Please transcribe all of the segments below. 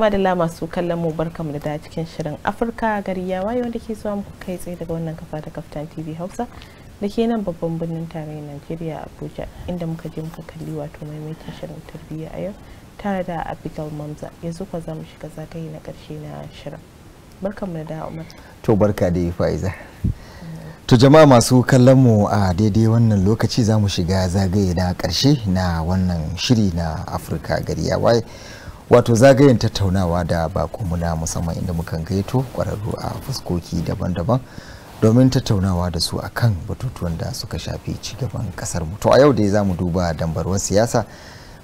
madalla masu kallon mu barka mu da da cikin shirin afirka gari ya waye wanda ke zuwa muku kai tsaye daga wannan kafa da kaftan tv hausa da ke nan babban birnin tarayyar najeriya abuja inda muka je muka kalli wato maimakon shirin tarbiyya a yau tare da abigail mamza yanzu kwa za mu shiga zagaye na karshe na shirin mu da umar to barka da faiza To jama'a masu kallon mu a daidai wannan lokaci za mu shiga zagaye na karshe na wannan shiri na Afirka gari ya waye wato zagayen tattaunawa da bakonmu na musamman inda muka gaito kwararru a fuskoki daban-daban domin tattaunawa da su akan batutuwan da suka shafi cigaban kasar mu to a yau dai za mu duba dambarwar siyasa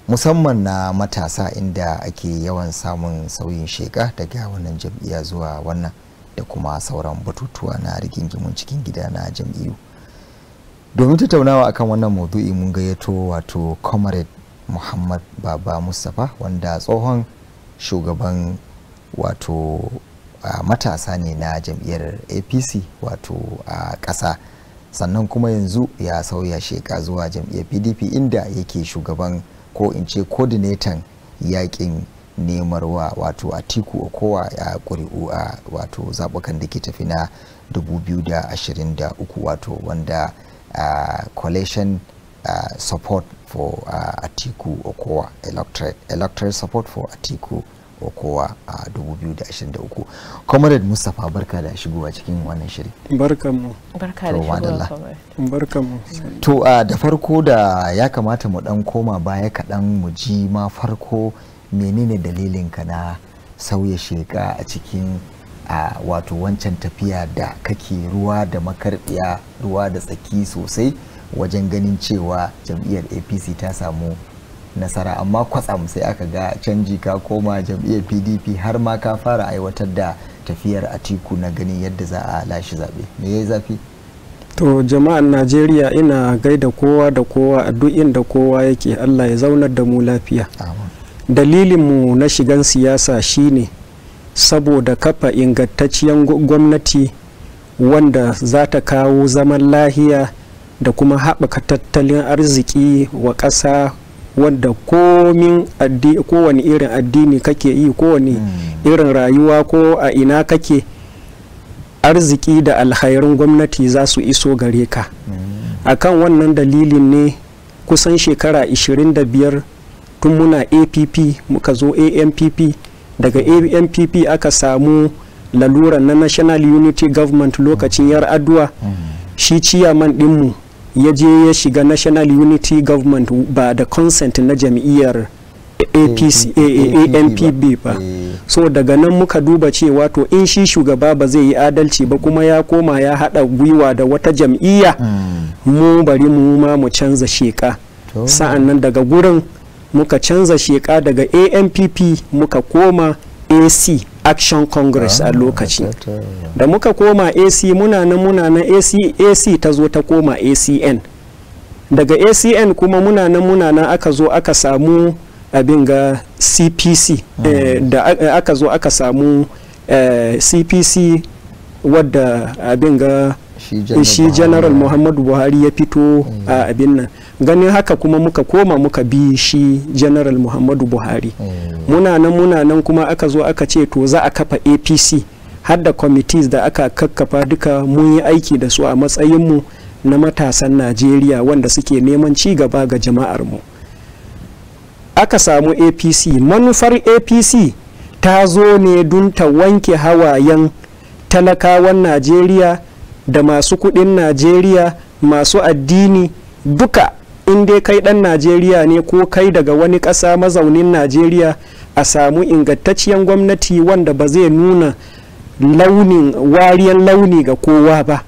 musamman na matasa inda ake yawan samun sauyin sheka daga wannan jam'iyya zuwa wannan da kuma sauran batutuwa na rigingimun cikin gida na jam'iyyu domin tattaunawa akan wannan maudu'i mun gayyato wato comrade muhammad baba mustapha wanda tsohon shugaban wato uh, matasa ne na jam'iyyar apc wato a uh, ƙasa sannan kuma yanzu ya sauya sheka zuwa jam'iyyar pdp inda yake shugaban ko in ce coordinator yakin nemarwa wato a tiku kowa a ƙuri'u a wato zaɓukan da ke tafi na 2023 wato wanda uh, coalition uh, support for uh, Atiku Okowa electorate, electoral support for Atiku Okowa a 2023. Comrade Mustapha barka da shigowa cikin wannan shiri. Barka mu. Barka da shigowa. Barka mu. To uh, da farko da ya kamata mu dan koma baya kaɗan mu ji ma farko menene dalilin ka na sauya sheka a cikin a uh, wato wancan tafiya da kake ruwa da makarbiya ruwa da tsaki sosai. wajen ganin cewa jam'iyyar apc ta samu nasara amma kwatsam sai aka ga canji ka koma jam'iyyar pdp har ma ka fara aiwatar da tafiyar atiku na ganin yadda za a lashe zaɓe me ya zafi to jama'an najeriya ina gaida kowa da kowa a duk inda kowa yake allah ya zaunar da mu lafiya dalilinmu na shigan siyasa shine saboda kafa ingantacciyar gwamnati wanda za ta kawo zaman lahiya da kuma haɓaka tattalin arziki wa ƙasa wanda komin kowane irin addini kake yi kowane hmm. irin rayuwa ko a ina kake arziki da alhairun gwamnati za su iso gare ka hmm. akan wannan dalilin ne kusan shekara 25 tun muna app muka zo ampp daga ampp aka samu lalura na national unity government lokacin hmm. yar addu'a shi ciyaman dinmu ya je ya shiga national unity government ba da consent na jam'iyyar apc anpb ba so daga nan muka duba cewa to in shi shugaba ba zai yi adalci ba kuma ya koma ya haɗa gwiwa da wata jam'iyya hmm. mu bari mu ma mu canza sheka sa'an nan daga gurin muka canza sheka daga anpp muka koma ac action congress a lokaci da muka koma ac muna nan muna nan ac ac ta zo ta koma acn daga acn kuma muna nan muna nan aka zo aka samu abin ga cpc eh, mm. da aka zo aka samu cpc eh, wadda abin ga shi general muhammadu buhari ya fito mm. a abin nan ganin haka kuma muka koma muka bi shi general muhammadu buhari mm. muna nan muna nan kuma aka zo aka ce to za a kafa apc har da committees da aka kakkafa duka mun yi aiki da su a matsayinmu na matasan najeriya wanda suke neman ci gaba ga jama'ar mu aka samu apc manufar apc ta zo ne don ta wanke hawayen talakawan najeriya da masu kudin najeriya masu addini duka in dai kai dan najeriya ne ko kai daga wani ƙasa mazaunin najeriya a samu ingantacciyar gwamnati wanda ba zai nuna launin wariyar launi ga kowa ba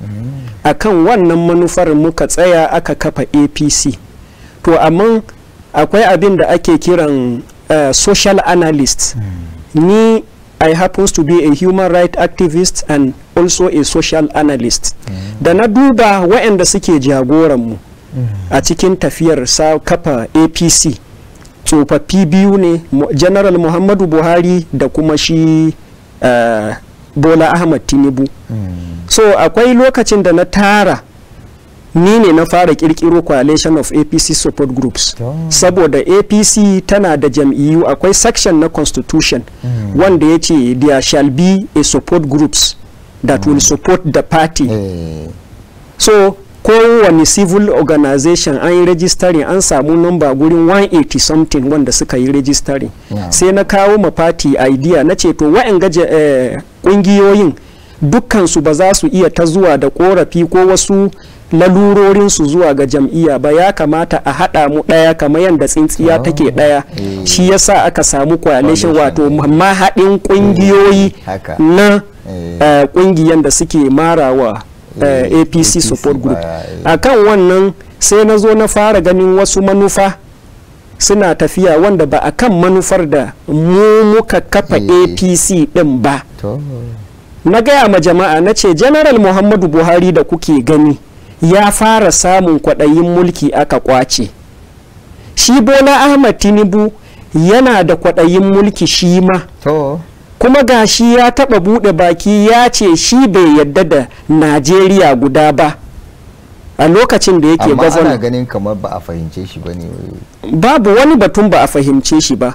a kan wannan manufar muka tsaya aka kafa apc to amma akwai abin da ake kiran uh, social analyst ni i happens to be a human right activist and also a social analyst da na duba waɗanda suke jagoranmu mu a cikin tafiyar sa kafa apc tsofaffi biyu ne general muhammadu buhari da kuma shi uh, bola ahmad tinubu hmm. so akwai lokacin da na tara ni ne na fara kirkiro coalition of apc support groups saboda apc tana da jam'iyyu akwai section na constitution mm. wanda ya ce there shall be a support groups that mm. will hmm. support the party eh. so kowane civil organization an yi registering an samu number gurin 180 something wanda suka yi registering yeah. sai na kawo ma party idea na ce to wa'in gaje eh, kungiyoyin dukkansu ba za su iya ta zuwa da korafi ko wasu lalurorinsu zuwa ga jam'iyya ba ya kamata a haɗa mu ɗaya kamar yadda tsintsiya oh. take ɗaya mm. shi yasa aka samu coalition wato mahaɗin ƙungiyoyi eh, na eh. ƙungiyan da suke marawa Eh, eh, apc support group akan eh. wannan sai na zo na fara ganin wasu manufa suna tafiya wanda ba a kan manufar da mu muka kafa apc din ba na gaya ma jama'a na ce general muhammadu buhari da kuke gani ya fara samun kwaɗayin mulki aka kwace shi bola ahmad tinubu yana da kwaɗayin mulki shi ma kuma gashi ya taba bude baki ya ce shi bai yadda da najeriya guda ba a lokacin da yake gwazon amma ana ganin kamar ba a fahimce shi ba ne babu wani batun ba a fahimce shi ba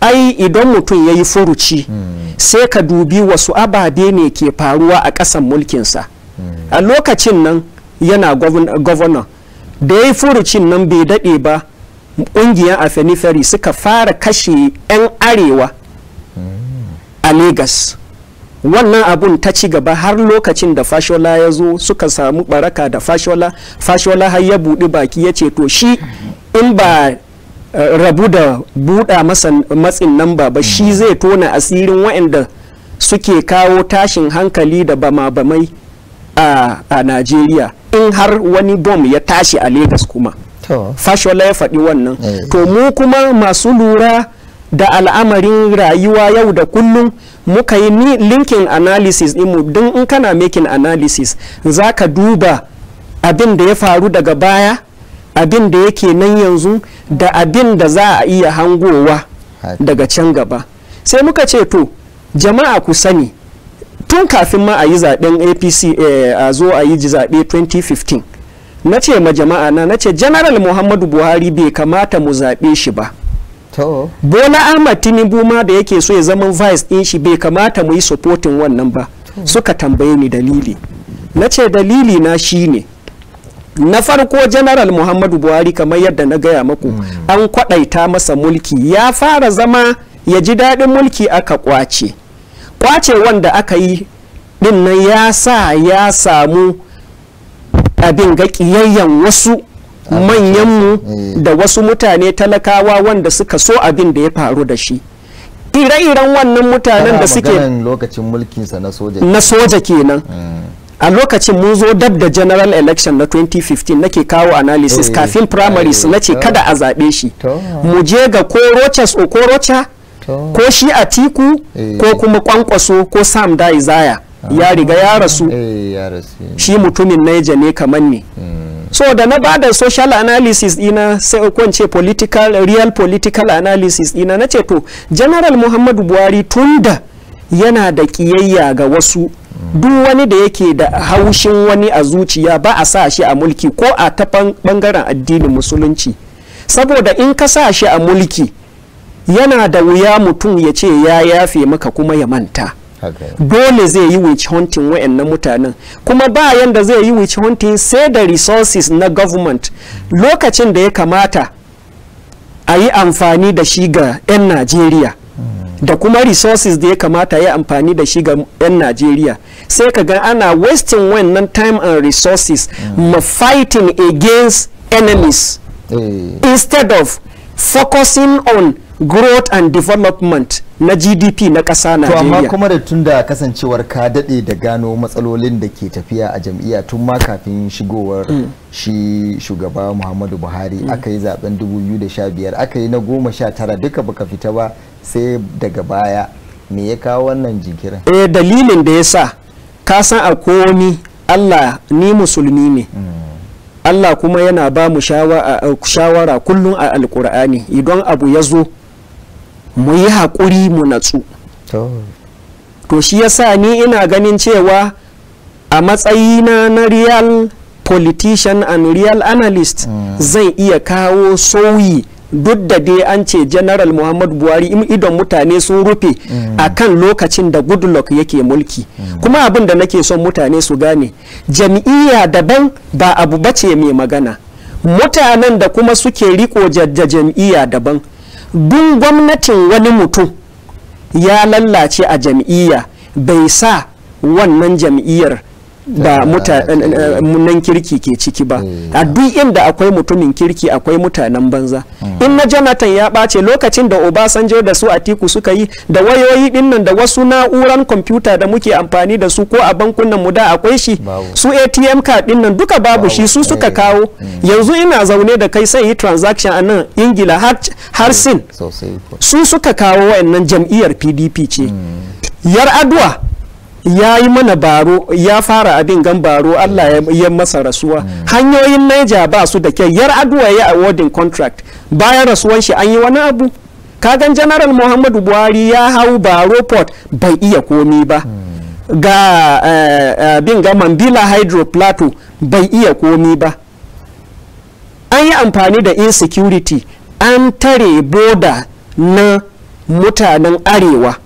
ai idan mutum ya yi furuci hmm. sai ka dubi wasu ababe ne ke faruwa a ƙasan mulkinsa hmm. a lokacin nan yana gwamna da ya yi furucin nan bai daɗe ba ƙungiyar afeniferi suka fara kashe 'yan arewa a Legas wannan abun ta ci gaba har lokacin da fashola ya zo suka samu baraka da fashola fashola har ya buɗi baki ya ce to shi in ba eh, rabu da buɗa matsin nan ba ba shi zai tona asirin waɗanda suke kawo tashin hankali da bama-bamai a, a Najeriya in har wani bom ya tashi a Legas kuma. Fashola ya faɗi wannan. Eh. To mu kuma masu lura da al'amarin rayuwa yau da kullum muka yi linkin analysis ɗinmu don in kana making analysis za ka duba abin da ya faru daga baya abin da yake nan yanzu da abin da za a iya hangowa daga can gaba sai muka ce to jama'a ku sani tun kafin ma a yi zaben apc eh, a zo a yi zaɓe 2015 na ce ma jama'a na na ce general muhammadu buhari bai kamata mu zaɓe shi ba bola ahmad tinubu ma da yake so ya zama vice din shi bai kamata mu yi supporting wannan ba suka tambaye ni dalili na ce dalili na shine na farko general muhammadu buhari kamar yadda na gaya maku hmm. an kwadaita masa mulki ya fara zama ya ji daɗin mulki aka kwace kwace wanda aka yi din nan ya sa ya samu abin ga ƙiyayyen wasu manyanmu eh. da wasu mutane talakawa wanda suka so abin da ya faru da shi ire-iren wannan mutanen da suke na soja kenan eh. a lokacin mun zo dab da general election na 2015 nake kawo analysis eh. kafin primaries na ce kada a zaɓe shi mu je ga ko rochas ko shi a tiku ko kuma kwankwaso ko sam daizaya ya ah. riga ya rasu shi mutumin naija ne kamar ne so da na bada social analysis dina sai kwance political real political analysis dina na ce to general muhammadu buhari tunda yana da kiyayya ga wasu duk wani da yake da haushin wani a zuciya ba a sa shi a mulki ko a ta bangaren addinin musulunci saboda in ka sa shi a mulki yana da wuya mutum ya ce ya yafe maka kuma ya manta dole zai yi witch hunting na mutanen kuma bayan da zai yi witch hunting sai da resources na government lokacin da ya kamata a yi amfani da shi ga 'yan najeriya da kuma resources da ya kamata ya amfani da shi ga 'yan najeriya sai ka ga ana wasting wannan time and resources mm. ma fighting against enemies eh. instead of focusing on growth and development na gdp na ƙasa najeriya to amma kuma da tunda kasancewar ka daɗe da gano matsalolin da ke tafiya a jam'iyya tun ma kafin shigowar mm. shi shugaba muhammadu buhari mm. aka yi zaben 2015 aka yi na 19 duka baka fita ba sai daga baya me ya kawo wannan jinkirin eh dalilin da ya sa ka san a komi allah ni musulmi ne mm. Allah kuma yana ba mu shawara kullum a alkur'ani idan abu ya zo mu yi haƙuri mu natsu to shi yasa ni ina ganin cewa a matsayi na real politician and real analyst mm. zai iya kawo sauyi duk da dai an ce general muhammad buhari idon mutane sun rufe mm. a kan lokacin da goodluck yake mulki mm. kuma abin da nake son mutane su gane jam'iyya daban ba abu bace mai magana mutanen da kuma suke riko da jam'iyya daban duk gwamnatin wani mutum ya lallace a jam'iyya bai sa wannan jam'iyyar da mutanen eh, eh, kirki ke ciki ba a duk inda akwai mutumin kirki akwai mutanen banza in na jonathan ya ɓace lokacin da obasanjo da su atiku suka yi da wayoyi dinnan da wasu na'uran kwamfuta da muke amfani da su ko a bankunan mu da akwai shi su atm card dinnan duka babu shi su suka eh. kawo hmm. yanzu ina zaune da kai sai yi transaction a nan ingila har hmm. sin su suka kawo wayannan jam'iyyar pdp ce hmm. yar aduwa ya yi mana baro ya fara abin gan baro Allah ya masa rasuwa hanyoyin Niger ba su da kyau yar aduwa ya awarding contract bayan rasuwan shi an yi wani abu kagan general Muhammadu Buhari ya hau baro port bai iya komi ba ga eh, abin ga Mambila Hydro Plateau bai iya komi ba an yi amfani da insecurity an tare boda na mutanen arewa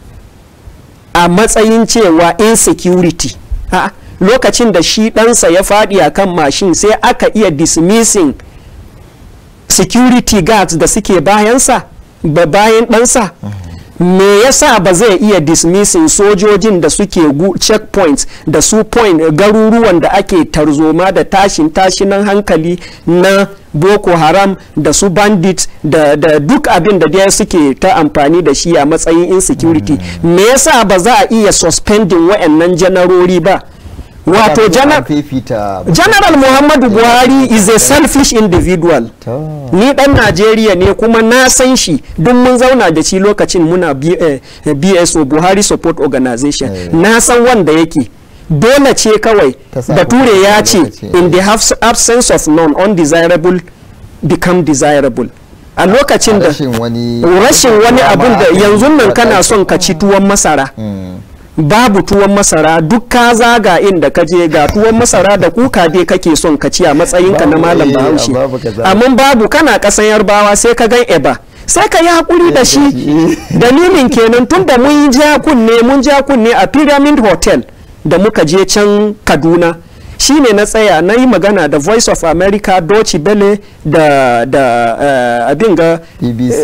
a matsayin cewa insecurity ha lokacin da shi ɗansa ya faɗi a kan mashin sai aka iya dismissing security guards da suke bayansa ba bayan ɗansa mm. me yasa ba zai iya dismissing sojojin da suke checkpoints da su point garuruwan da ake tarzoma da tashin tashinan hankali na boko haram da su bandit da, da duk abin da dai suke ta amfani da shi a matsayin insecurity mm. me yasa ba za a iya suspending waɗannan janarori ba wato general muhammadu eh. buhari is a selfish individual ni dan najeriya ne kuma na san shi duk mun zauna da shi lokacin muna bso eh, buhari support organization eh. na san wanda yake dole ce kawai da ture ya ce in the absence of non undesirable become desirable a lokacin da rashin wani abun da yanzu nan kana son ka ci tuwon masara mm. babu tuwon masara duk ka zaga inda ka je ga tuwon masara da kuka dai kake son ka ci a matsayinka na malam eh, bahaushe amma babu kana kasan yarbawa sai ka gan eba sai ka yi hakuri da shi dalilin kenan tun da mun ja kunne mun ja kunne a pyramid hotel da muka je can kaduna shi ne na tsaya na yi magana da voice of america doci bele da eh, abin ga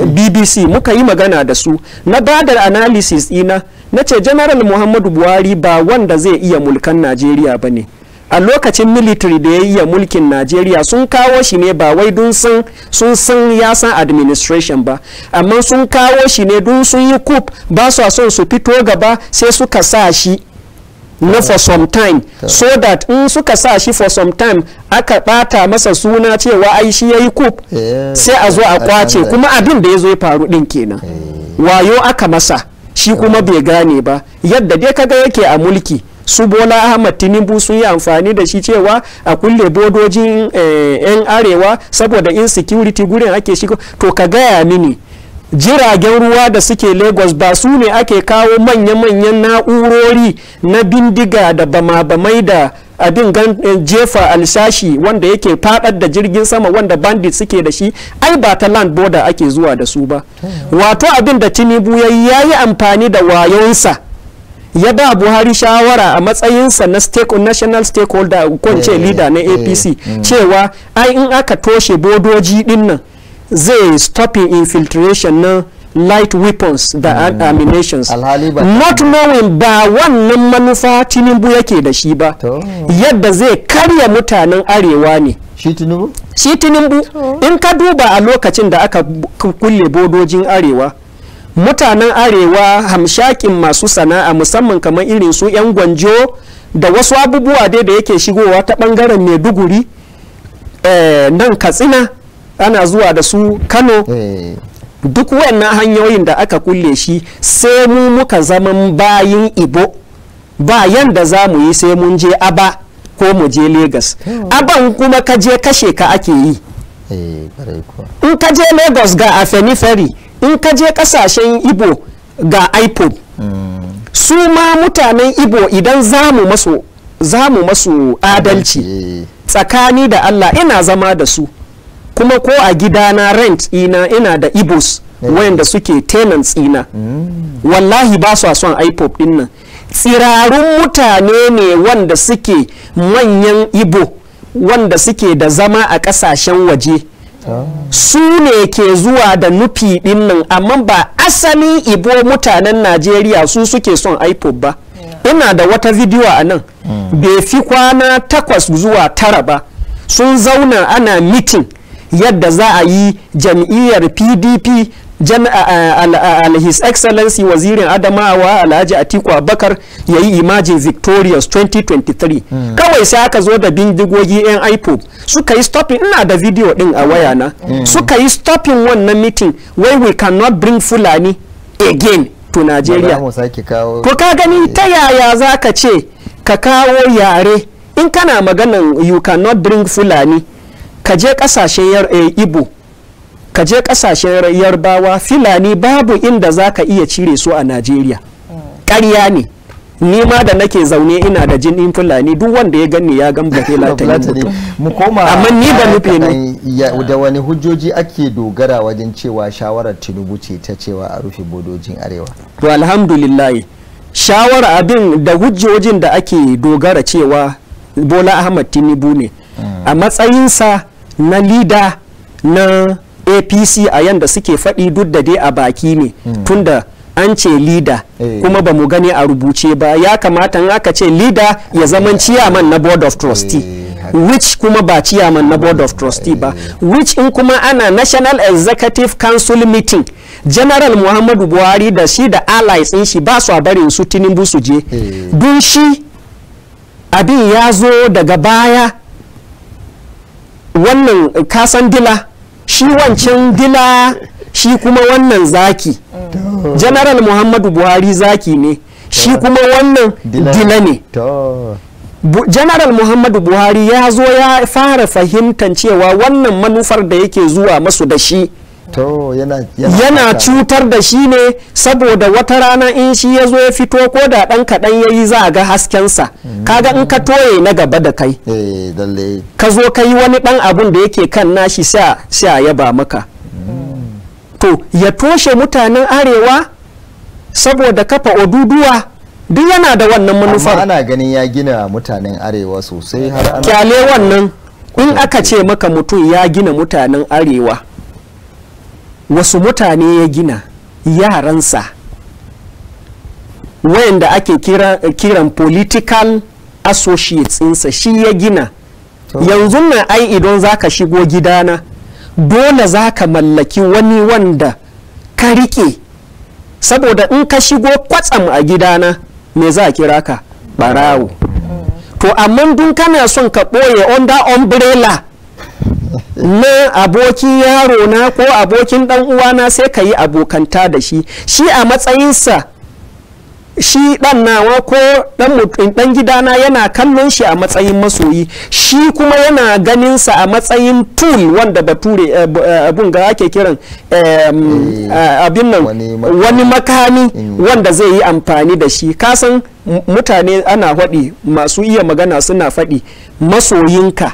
BBC. Eh, muka yi magana da su na badar analysis ina na ce general muhammadu buhari ba wanda zai iya mulkan najeriya ba ne a lokacin military da ya yi mulkin najeriya sun kawo shi ne ba wai dun sun san ya san administration ba amma sun kawo shi ne dun sun yi coup ba su son su fito gaba sai suka sa shi na for some time so that in suka sa shi for some time aka bata masa suna cewa ai shi yayi coup sai a zo a kwace kuma abin da ya zo ya faru din kenan eh. wayo aka masa shi kuma bai gane ba yadda dai kaga yake a mulki su bola ahmad tinubu sun yi amfani da shi cewa a kulle bodojin eh, yan arewa saboda insecurity gurin ake shi to ka gaya mini jiragen ruwa da suke lagos ba su ne ake kawo manya-manyan na'urori na bindiga da bama-bamai da abin gan eh, jefa alshashi wanda yake fadar da jirgin sama wanda bandit suke da shi ai ba ta land border ake zuwa da su ba wato abin da tinubu ya yi amfani da wayonsa ya ba buhari shawara a matsayinsa na national stakeholder ko ce eh, leader na eh, apc mm. cewa ai in aka toshe bodoji dinnan. zai stopping infiltration na light weapons da mm. ammunitions not knowing ba wannan manufa tinubu yake da shi ba yadda zai karya mutanen arewa ne shi tinubu in ka duba a lokacin da aka kulle bodojin arewa mutanen arewa hamshakin masu sana'a musamman kamar irin su 'yan gwanjo da wasu abubuwa dai da yake shigowa ta bangaren maiduguri eh, nan katsina ana zuwa da su kano eh. duk wannan hanyoyin da aka kulle shi sai mu muka zaman bayin ibo bayan da za mu yi sai mun je aba ko mu je lagos hmm. aban kuma ka je kashe ka ake yi eh, in ka je lagos ga afeniferi in ka je kasashen ibo ga ipod hmm. su ma mutanen ibo idan za mu masu adalci eh. tsakani da allah ina zama da su kuma ko a gidana rent ina ina da ibos wayanda suke tenants ina mm. wallahi ba su son ipop din nan tsirarun mutane ne wanda suke manyan ibo wanda suke da zama a kasashen waje ah. su ne ke zuwa da nufi nan amma ba asali ibo mutanen najeriya su suke son ipop ba ina da wata bidiyo a nan mm. bai fi kwana takwas zuwa tara ba sun zauna ana meeting. yadda za a yi jam'iyyar pdp al his excellency wazirin adamawa alhaji atiku abakar ya yi imajin victorious 2023 hmm. kawai sai aka zo da bindigogi yan ipo suka yi stopping ina da video din a wayana hmm. hmm. suka yi stopping wannan meeting wai we cannot bring fulani again to nigeria to ka gani ta eh. yaya za ka ce ka kawo yare in kana maganan you cannot bring fulani ka je kasashen eh, ibo ka je kasashen yarbawa filani babu inda za ka iya cire su a najeriya ƙarya ne ni ma da nake zaune ina da jinin fulani duk wanda ya gani ya gan bafela ta yi mu koma amma ni da nufe ne da wani hujjoji ake dogara wajen cewa shawarar tinubu ce ta cewa a rufe bodojin arewa to alhamdulillah shawara abin da hujjojin da ake dogara cewa bola ahmad tinubu ne a mm. matsayinsa na lida na apc a yanda suke faɗi duk da dai a baki ne hmm. tunda an ce lida eh. kuma ba mu gani a rubuce ba ya kamata aka ce lida ya eh. zama ciyaman na board of trustee hey. Eh. which kuma ba ciyaman na board of trustee ba which in kuma ana national executive council meeting general muhammadu buhari da shi da allies in shi ba su a barin su tinubu su je dun shi abin ya zo daga baya wannan eh, kasan dila shi wancan dila shi kuma wannan zaki general muhammadu buhari zaki ne shi kuma wannan dila ne general muhammadu buhari ya zo ya fara fahimtar cewa wannan manufar da yake zuwa masu da shi yana cutar da shi ne saboda wata rana in shi ya zo ya fito ko da dan kaɗan ya yi za a ga haskensa mm. kaga in ka toye na gaba da kai eh, ka zo ka yi wani dan abun da yake kan nashi sha yaba maka mm. to ya toshe mutanen arewa saboda kafa oduduwa duk yana da wannan manufar ana ganin ya gina mutanen arewa sosai har kyale wannan in aka ce maka mutum ya gina mutanen arewa wasu mutane ya gina yaransa wayanda ake kira, kiran political associates insa shi ya gina yanzu na ai idan zaka ka shigo gidana dole zaka mallaki wani wanda ka rike saboda in ka shigo kwatsam a gidana me za a kira ka barawo mm. to amma dun kana son ka ɓoye under umbrella na abokin yaro na ko abokin dan na sai ka yi abokanta da shi shi a matsayinsa shi dan nawa ko dan dan gidana yana kallon shi a matsayin masoyi shi kuma yana ganin sa a matsayin tool wanda bature eh, eh, abun ga ake kiran eh, abin nan wani makami mm. wanda zai yi amfani da shi kasan mutane ana faɗi masu iya magana suna faɗi masoyinka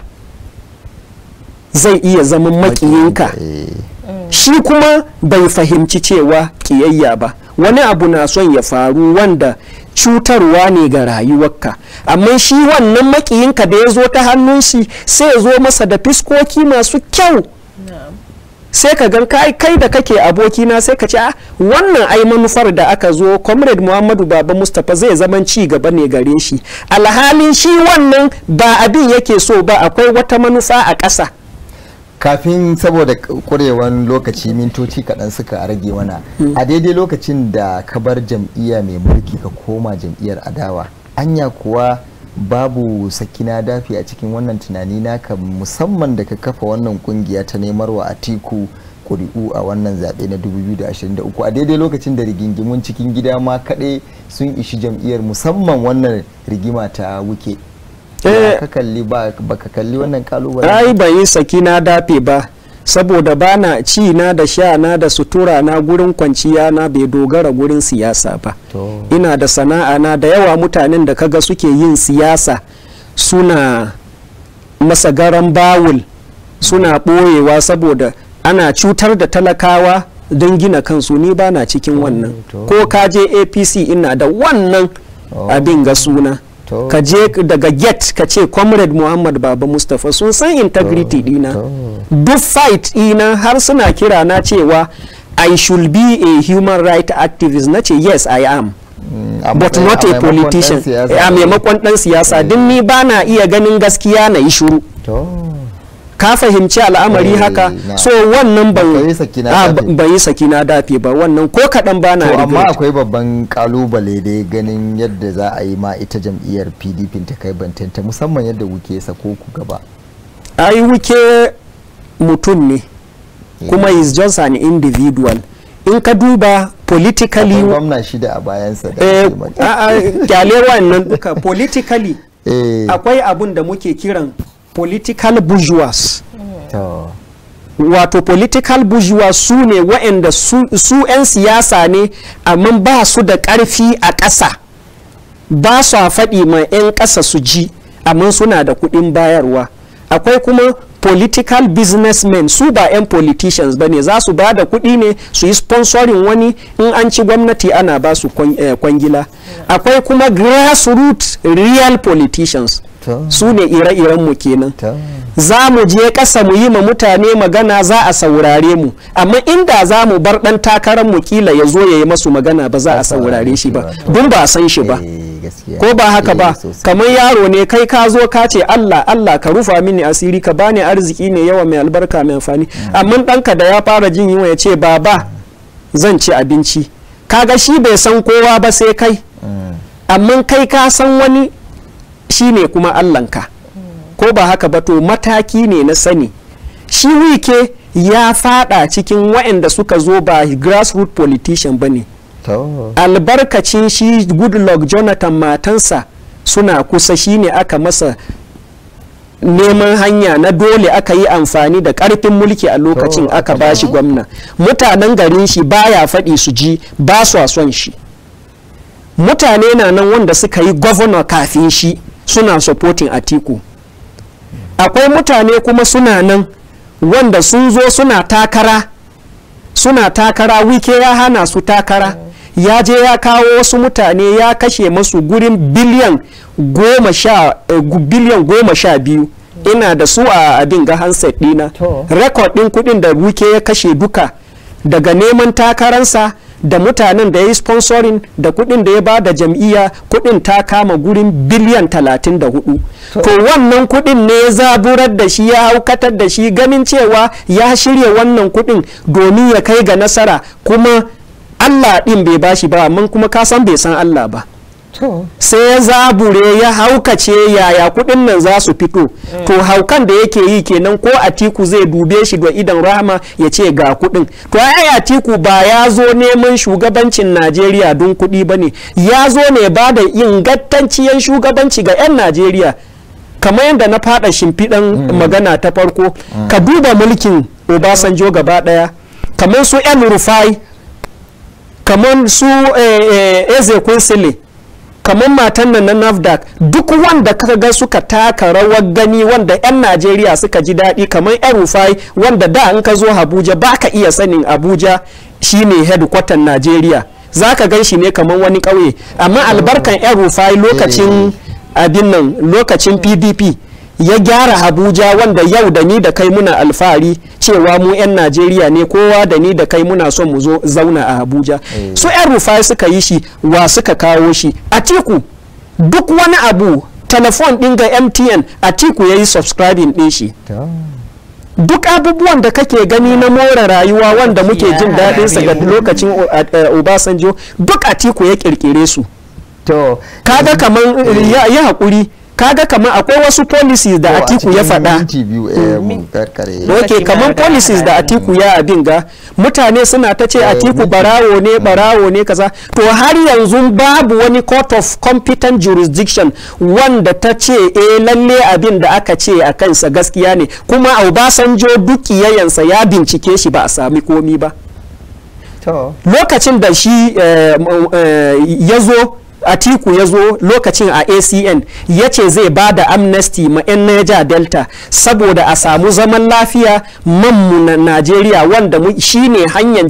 zai iya zama makiyinka eh. shi kuma bai fahimci cewa kiyayya ba wani abu na son ya faru wanda cutarwa ne ga rayuwarka amma shi wannan makiyinka da ya zo ta hannun shi sai ya zo masa da fiskoki masu kyau sai ka gan kai da kake abokina sai ka ce a ah, wannan ai manufar da aka zo comrade muhammadu baba mustapha zai zama ci gaba ne gare shi alhalin shi wannan ba abin yake so ba akwai wata manufa a ƙasa kafin saboda kurewan lokaci mintoci kaɗan suka rage mana hmm. a daidai lokacin da ka bar jam'iyya mai mulki ka koma jam'iyyar adawa anya kuwa babu sakina dafi a cikin wannan tunani naka musamman da ka kafa wannan kungiya ta nemarwa a teku kuri'u a wannan zaɓe na 2023 a daidai lokacin da rigingimun cikin gida ma kaɗai sun ishi jam'iyyar musamman wannan rigima ta wuke Eh. ka kalli ba ka kalli wannan kalubale ai ba yi saki na dafe ba saboda bana ci na da sha na da sutura na gurin kwanciya na bai dogara gurin siyasa ba ina da sana'a na da yawa mutanen da kaga suke yin siyasa suna masa garan bawul suna ɓoyewa saboda ana cutar da talakawa don gina kansu ni ba na cikin wannan ko ka je apc ina da wannan abin ga suna ka je daga get ka ce comrade muhammad baba mustapha sun san integrity dina duk fight ina har suna kira na cewa i should be a human right activist na ce yes i am mm, but not a politician a maimakon dan siyasa din ni ba na iya ganin gaskiya na yi shuru ka fahimci al'amari eh, haka so wannan ban yi saki na dafe ba wannan ko kaɗan ba na amma akwai babban kalubale dai ganin yadda za a yi ma ita jam'iyyar pdp ta kai bantanta musamman yadda wuke sako ku gaba ai wuke mutum ne eh. kuma is just an individual in ka duba politically gwamna shida a bayansa da eh, kyale wannan duka politically akwai abun da muke kiran political bourgeois wato political bourgeois su ne waɗanda su 'yan siyasa ne amma ba su da ƙarfi a ƙasa ba su a faɗi ma 'yan ƙasa su ji amma suna da kuɗin bayarwa akwai kuma political businessmen su ba 'yan politicians ba ne za su ba da kuɗi ne su yi sponsorin wani in an ci gwamnati ana ba su eh, kwangila akwai kuma grassroots real politicians su ne ire-iren mu kenan za mu je ƙasa mu yi ma mutane magana za a saurare mu amma inda za mu bar ɗan takarar mu kila ya zo ya yi masu magana ba za a saurare shi ba dun ba san shi ba eh, ko ba haka ba eh, kamar yaro ne kai ka zo ka ce Allah Allah ka rufa mini asiri ka bani arziki ne yawa mai albarka mai amfani mm. amma ɗanka da ya fara jin yunwa ya ce baba zan ci abinci kaga shi bai san kowa ba sai kai mm. amma kai ka san wani shi ne kuma allanka ko ba haka ba to mataki ne na sani shi wike ya fada cikin da suka zo ba grassroot politician ba ne albarkacin shi goodluck jonathan matansa suna kusa shi ne aka masa neman hanya na dole aka yi amfani da karfin mulki a lokacin aka ba shi gwamna mutanen garin shi baya faɗi su ji ba su son shi mutane na nan wanda suka yi governor kafin shi suna supporting atiku akwai mutane kuma suna nan wanda sun zo suna takara suna takara wike ya hana su takara ya je ya kawo wasu mutane ya kashe masu gurin biliyan goma sha, eh, biyu ina da su a abin ga handset dina rekodin ɗin kudin da wike ya kashe duka daga neman takararsa da mutanen da ya yi sponsoring da kuɗin da ya ba da jam'iyya kuɗin ta kama gurin biliyan talatin da hudu to wannan kuɗin ne ya zaburar da shi ya haukatar da shi ganin cewa ya shirya wannan kuɗin domin ya kai ga nasara kuma allah ɗin bai bashi ba mun kuma kasan bai san allah ba sai ya zabure ya haukace yaya kudin nan za su fito eh. to haukan da yake yi kenan ko atiku zai dube shi da idan rahama ya ce ga kudin to ai atiku ba ya zo neman shugabancin najeriya don kudi ba ne ya zo ne ba da ingantacciyar shugabanci ga 'yan najeriya kamar yadda na fada shimfiɗan mm. magana ta farko mm. ka duba mulkin obasanjo gaba daya kamar su yan rufai kamar su eh, eh, eze kunsile kamar matan nan na nafdac duk wanda ka ga suka taka rawar gani wanda 'yan najeriya suka ji daɗi kamar 'yan rufai wanda da an ka zo abuja ba ka iya sanin abuja shine headquarter najeriya za ka gan shi ne kamar wani ƙauye amma albarkan 'yan rufai lokacin eh. abin nan lokacin pdp ya gyara abuja wanda yau da ni da kai muna alfahari cewa mu 'yan najeriya ne kowa da ni da kai muna son mu zo zauna a abuja su eh. so, 'yan rufai suka yi shi wa suka kawo shi a tiku duk wani abu telefon ɗin ga mtn a tiku ya yi subscribing din shi duk abubuwan da kake gani na more rayuwa wanda muke jin daɗin sa ga lokacin obasanjo duk a tiku ya kirkire su to kaga kamar eh. yi ya haƙuri kaga kamar akwai wasu policies da atiku ya faɗa eh, ok kamar policies da atiku ya abin ga mutane suna ta ce eh, atiku barawo ne barawo ne kaza to har yanzu babu wani court of competent jurisdiction wanda ta ce eh lalle abin da aka ce a kansa gaskiya ne kuma obasanjo dukiyayensa ya bincike shi ba a sami komi ba lokacin da shi eh, ya zo atiku ya zo lokacin a acn ya ce zai ba da amnesty ma 'yan niger delta saboda a samu zaman lafiya manmu na najeriya wanda shi ne hanyar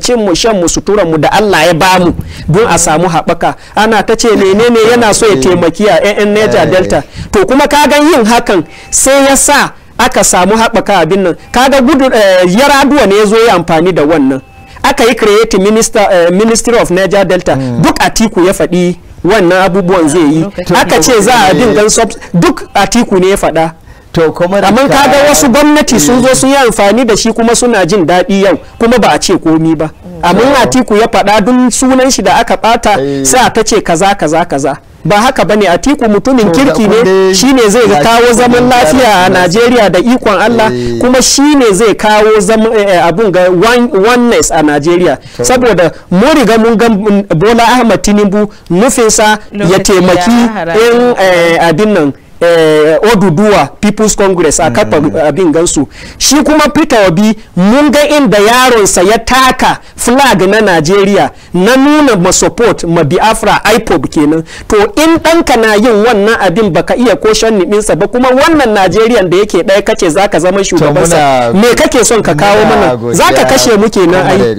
mu suturan mu da allah ya bamu don a samu haɓaka ana ta ce menene yana so ya taimaki a 'yan niger delta to kuma kagan yin hakan sai ya sa aka samu haɓaka abin nan kaga gudu eh, yaraduwa ne ya zo ya amfani da wannan aka yi creative minister, eh, ministry of niger delta hmm. duk atiku ya faɗi wannan abubuwan zai yi aka ce za a bin eh, gan duk atiku ne ya faɗa to kuma amma kaga wasu gwamnati sun zo eh. sun yi amfani da shi kuma suna jin daɗi yau kuma ba a ce komi ba amma atiku ya faɗa duk sunan shi da aka ɓata eh. sai a ta ce kaza kaza kaza ba haka bane atiku mutumin kirki ne eh. shine zai kawo zaman lafiya a najeriya da ikon allah kuma eh, shine zai kawo abun ga oneness a najeriya saboda mu riga mun ga bola ahmad tinubu nufinsa ya taimaki in eh, abin nan Eh, oduduwa people's congress a kafa mm. abin gansu shi kuma peter obi mun ga inda yaronsa ya taka flag na nigeria na nuna ma support ma biafra ipob kenan to in ɗanka na yin wannan abin baka iya ko niminsa ba kuma wannan nigeria da yake ɗaya kace zaka zama shugabansa me kake son ka kawo mana zaka kashe mu kenan ai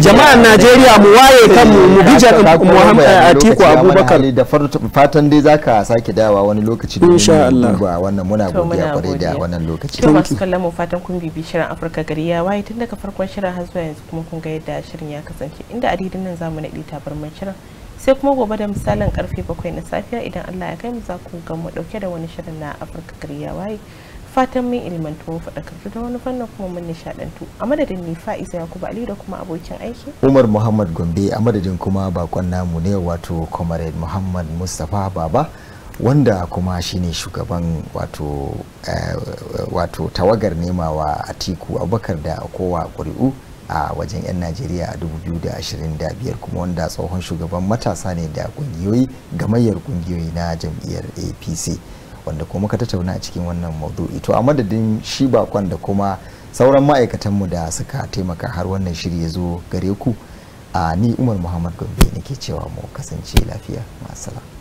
jama'an nigeria mu waye eh, kan mu bi muhammad eh, atiku abubakar da fatan dai zaka sake dawa wani lokaci insha Allah ba wannan muna godiya kwarai da wannan lokaci to masu kallon mu fatan kun bibi shirin Afirka gari ya waye tun daga farkon shirin har zuwa yanzu kuma kun ga yadda shirin ya kasance inda adidin nan zamu bar tabarman shirin sai kuma gobe da misalin karfe bakwai na safiya idan Allah ya kai mu za ku ga mu dauke da wani shirin na Afirka gari ya waye fatan mun ilmantu mun faɗakartu da wani fannin kuma mun nishaɗantu a madadin ni fa'iza yakubu ali da kuma abokin aiki umar muhammad gombe a madadin kuma bakon namu ne wato comrade muhammad mustapha baba wanda kuma shi ne shugaban wato eh, wato tawagar nemawa atiku abubakar da kowa ƙuri'u a wajen 'yan najeriya a 2025 kuma wanda tsohon shugaban matasa ne da kungiyoyi gamayyar kungiyoyi na jam'iyyar apc wanda kuma ka tattauna a cikin wannan maudu'i to a madadin shi bakon da kuma sauran ma'aikatanmu da suka taimaka har wannan shiri ya zo gare ku a ni umar muhammad gombe nake cewa mu kasance lafiya masala